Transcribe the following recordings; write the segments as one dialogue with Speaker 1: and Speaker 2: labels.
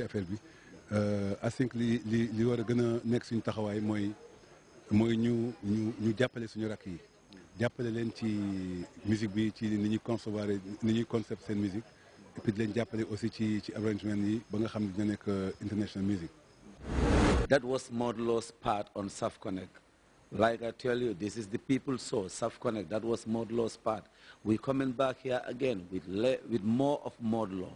Speaker 1: ci affaire bi asink euh, li li li war a gën a nekk suñu taxawaay mooy mooy ñu ñu ñu jàppale suñu rakk yi jàppale leen ci musique bi ci ni ñuy concevoir ni ñuy concept seen musique et puis di leen jàppale aussi ci ci arrangement yi ba nga xam dina nekk euh, international music.
Speaker 2: That was Modlo's part on Connect Like I tell you, this is the people's source, Connect That was Modlo's part. we coming back here again with, with more of Modlo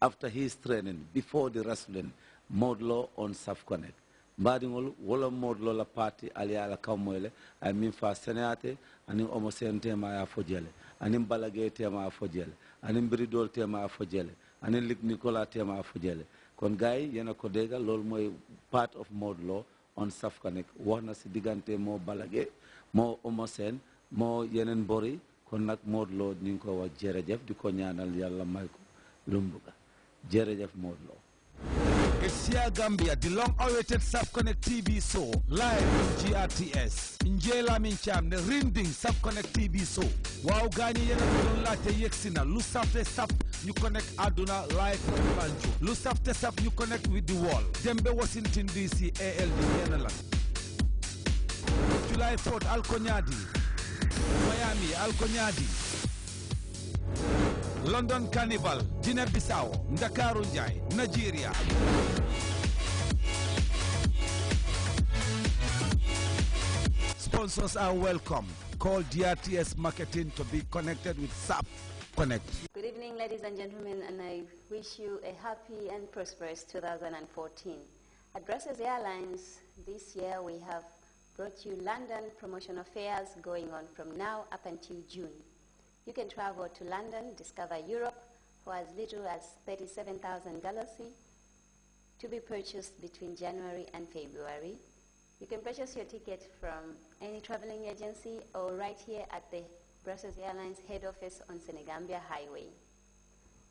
Speaker 2: after his training, before the wrestling, modlo on Safkonek. Mbadiŋol wala modlo la parti ali ala kammoyle ay min fa seneyate anin omo sen tema ya fo jele anin balage tema ya fo jele anin biridol tema ya fo jele anin kon gaay yena part of modlo on Safkonek wax na si diggante moo balage moo omo sen moo yeneen bori kon nag modlo ñu ngi jërëjëf di ko ñaanal yàlla may ko jërëjëf Modou Lo
Speaker 1: Asia Gambia, the long-awaited Subconnect TV show, live on GRTS. Njela Mincham, the rinding Subconnect TV show. Wow, gani yena don laajte yegsi na lu safte saf ñu connect àdduna live from Banjul. Lu safte saf ñu connect with the wall. Dembe Washington DC ALD yena la. July Alkonyadi. Miami Alkonyadi. London Carnival Guinea Bissau Ndakaaru Nigeria Sponsors are welcome. Call DRTS Marketing to be connected with SAP Connect.
Speaker 2: Good evening, ladies and gentlemen, and I wish you a happy and prosperous 2014. At Brussels Airlines, this year we have brought you London promotion affairs going on from now up until June. You can travel to London, discover Europe for as little as 37,000 galaxy to be purchased between January and February. You can purchase your ticket from any traveling agency or right here at the Brussels Airlines head office on Senegambia Highway.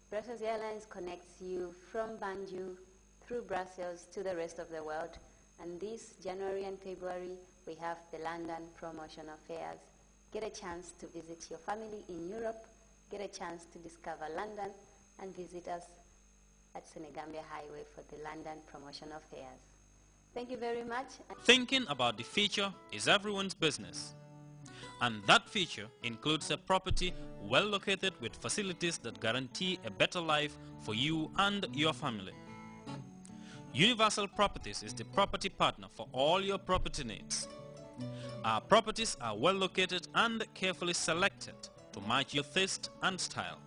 Speaker 2: Brussels Airlines connects you from Banjul through Brussels to the rest of the world. And this January and February, we have the London promotional fairs get a chance to visit your family in Europe, get a chance to discover London, and visit us at Senegambia Highway for the London promotional fairs. Thank you very much. Thinking about the future is everyone's business. And that future includes a property well located with facilities that guarantee a better life for you and your family. Universal Properties is the property partner for all your property needs. Our properties are well located and carefully selected to match your taste and style.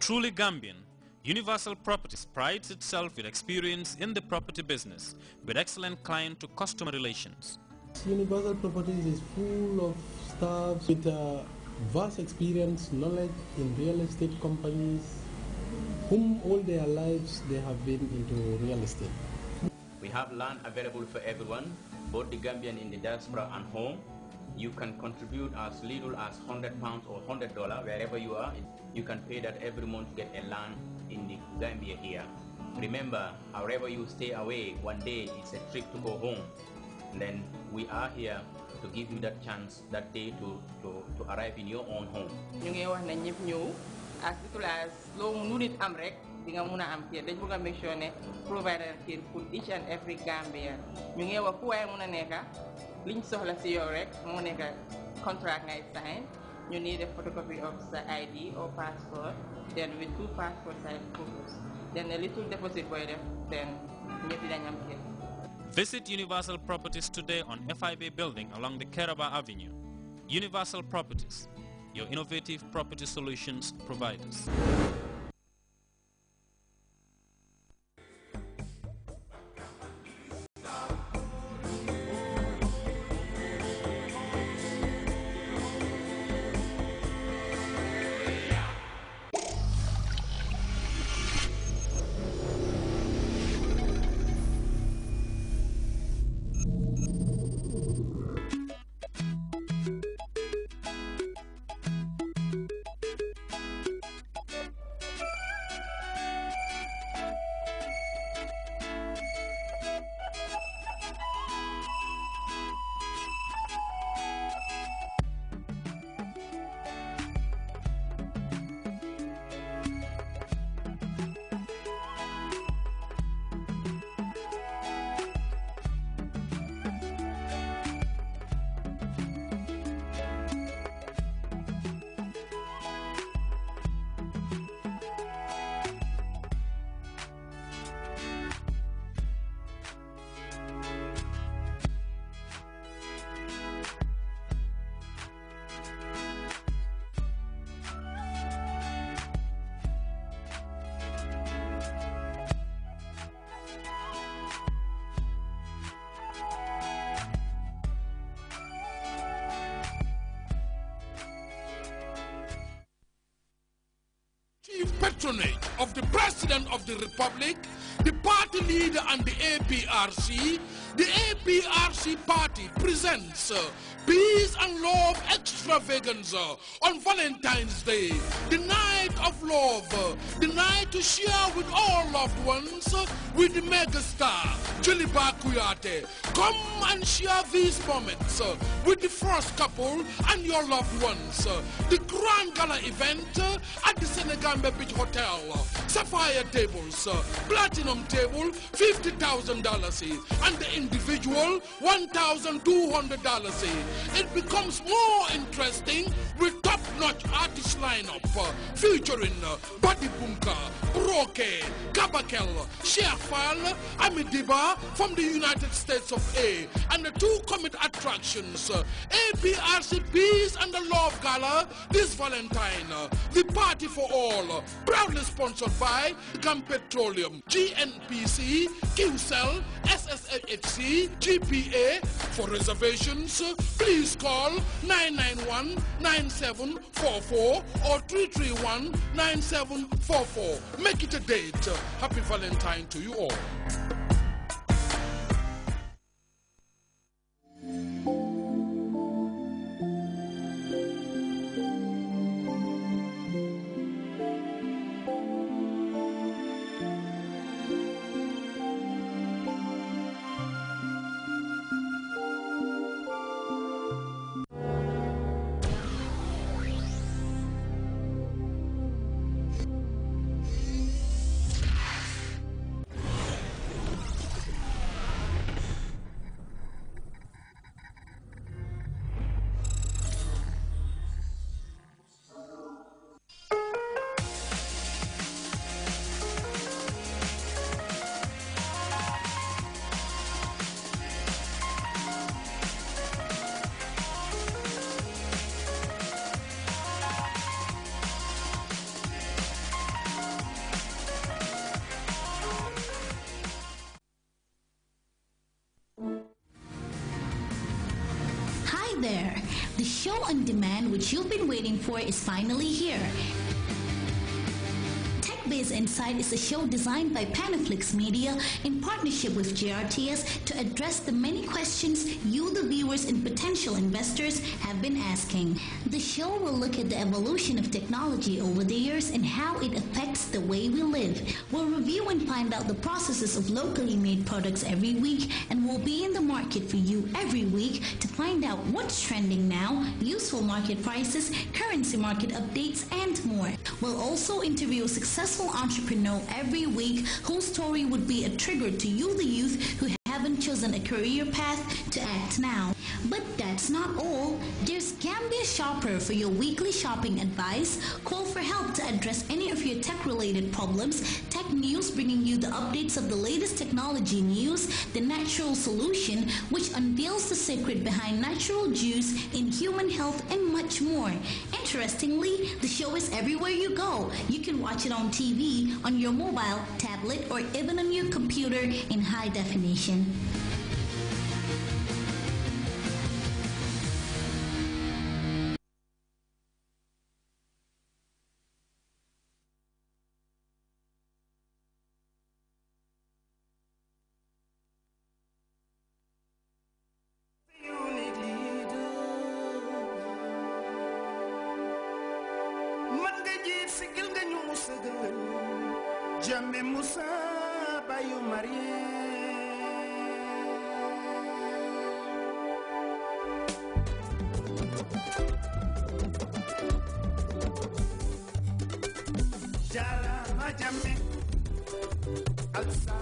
Speaker 2: Truly Gambian, Universal Properties prides itself with experience in the property business with excellent client to customer relations.
Speaker 1: Universal Properties is full of staff with a vast experience, knowledge in real estate companies, whom all their lives they have been
Speaker 2: into real estate.
Speaker 1: We have land available for everyone both the Gambian in the diaspora and home. You can contribute as little as 100 pounds or 100 dollars wherever you are. You can pay that every month to get a land in the Gambia here. Remember, however you stay away, one day it's a trip to go home. And then we are here to give you that chance that day to, to, to arrive in your own home
Speaker 2: am dañ bëgg provider pour each and every Gambian ñu ngi wax nekk liñ soxla yow rek nekk contract ngay sign need a photocopy of ID or passport then with two passport size photos then a little deposit boy def then ñëpp dañ am Visit Universal Properties today on FIB building along the Keraba Avenue. Universal Properties, your innovative property solutions providers.
Speaker 1: patronage of the President of the Republic, the party leader and the APRC, the APRC party presents uh, Peace and Love Extravaganza on Valentine's Day, the love. night to share with all loved ones with the megastar, Julie Bakuyate. Come and share these moments with the first couple and your loved ones. The Grand Gala event at the Senegambe Beach Hotel. Sapphire tables, platinum table, $50,000. And the individual, $1,200. It becomes more interesting with top-notch artist lineup uh, featuring uh, Buddy Bunka, Broke, Kabakel, Sheafal, Amidiba from the United States of A, and the two comet attractions, uh, APRCP's and the Love Gala this Valentine. The Party for All, proudly sponsored by Gun Petroleum, GNPC, QCell, SSHC, GPA. For reservations, please call 991 991 9744 or 331 9744. Make it a date. Happy Valentine to you all.
Speaker 3: there. The show on demand which you've been waiting for is finally here. Showbiz Inside is a show designed by Panaflix Media in partnership with JRTS to address the many questions you, the viewers and potential investors, have been asking. The show will look at the evolution of technology over the years and how it affects the way we live. We'll review and find out the processes of locally made products every week and we'll be in the market for you every week to find out what's trending now, useful market prices, currency market updates, and more. We'll also interview a successful entrepreneur every week whose story would be a trigger to you, the youth who haven't chosen a career path to act now. But that's not all. There's Gambia Shopper for your weekly shopping advice. Call for help to address any of your tech-related problems. Tech News bringing you the updates of the latest technology news. The Natural Solution, which unveils the secret behind natural juice in human health and much more. Interestingly, the show is everywhere you go. You can watch it on TV, on your mobile, tablet, or even on your computer in high definition.
Speaker 1: nga sigil nga ñu musa gëwël jàmme musa bayu mariyee
Speaker 2: jàll ma jàmme